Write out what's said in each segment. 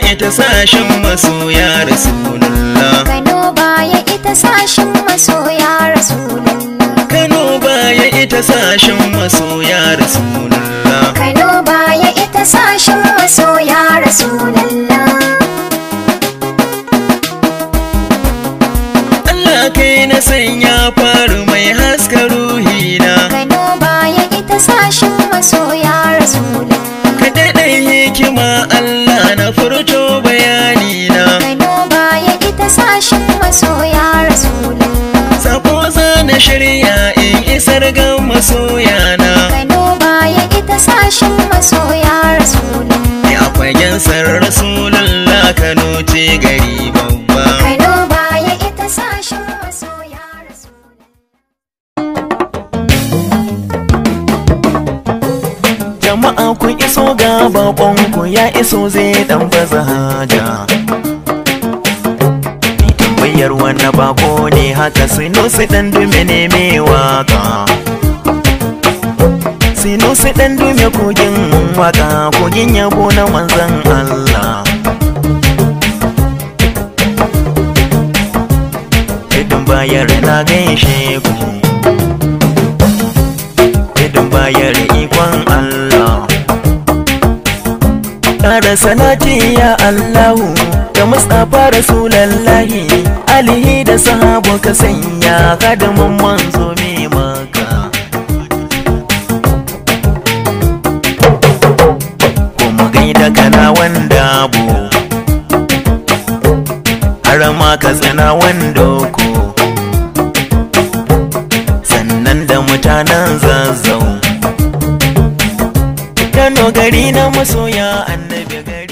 baya ita sashen masoya rasulullah Kano baya ita sashen masoya rasulullah Kano baya ita sashen masoya rasulullah Kano baya ita sashen masoya rasulullah Allah kai na sanya faru mai haska ruhina Kano baya ita sashen masoya hikima Allah na furto bayani na gano ya ita sashin masoya rasulun sako na shirya in isar ga masoya ku iso ga bakonku ya iso zai dan baza haja bayar wannan bako ne haka sinusi dan dume ne mai waka sinusi dan dume kogin waka kogin yabo na manzan Allah Idan bayar na gaishe kara salati ya Allahu da Mustapha Rasulallahi alihi da sahabu ka sanya kadamin manzo mai maka kuma gaida kana wanda bu harama ka tsana wanda ko sannan da mutanen zazzau Kano gari na masoya annabi gari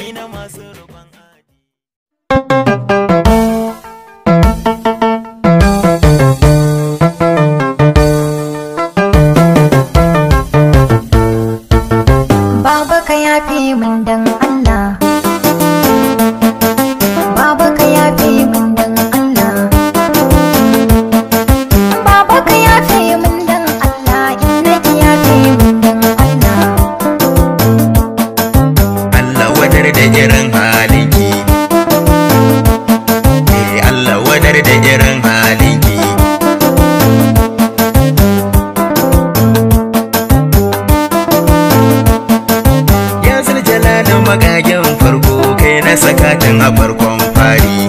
da irin halinki eh Allah wadar da irin halinki ya zar jalalin magagen farko kai na sakatin a farkon fari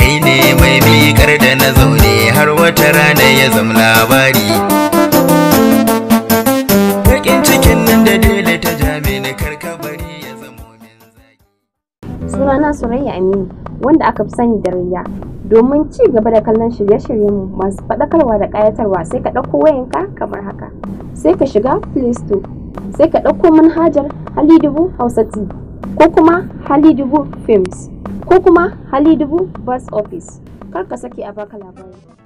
kai ne mai miƙar da na zaune har wata rana ya zamna sunana Surayya Aminu wanda aka fi sani da Rayya. Domin ci gaba da kallon shirye-shiryenmu masu faɗakarwa da ƙayatarwa sai ka ɗauko wayanka kamar haka. Sai ka shiga Play Store, sai ka ɗauko manhajar Halidubu Hausa TV ko kuma Halidubu Films ko kuma Halidubu Bus Office. Kar ka sake a baka labari.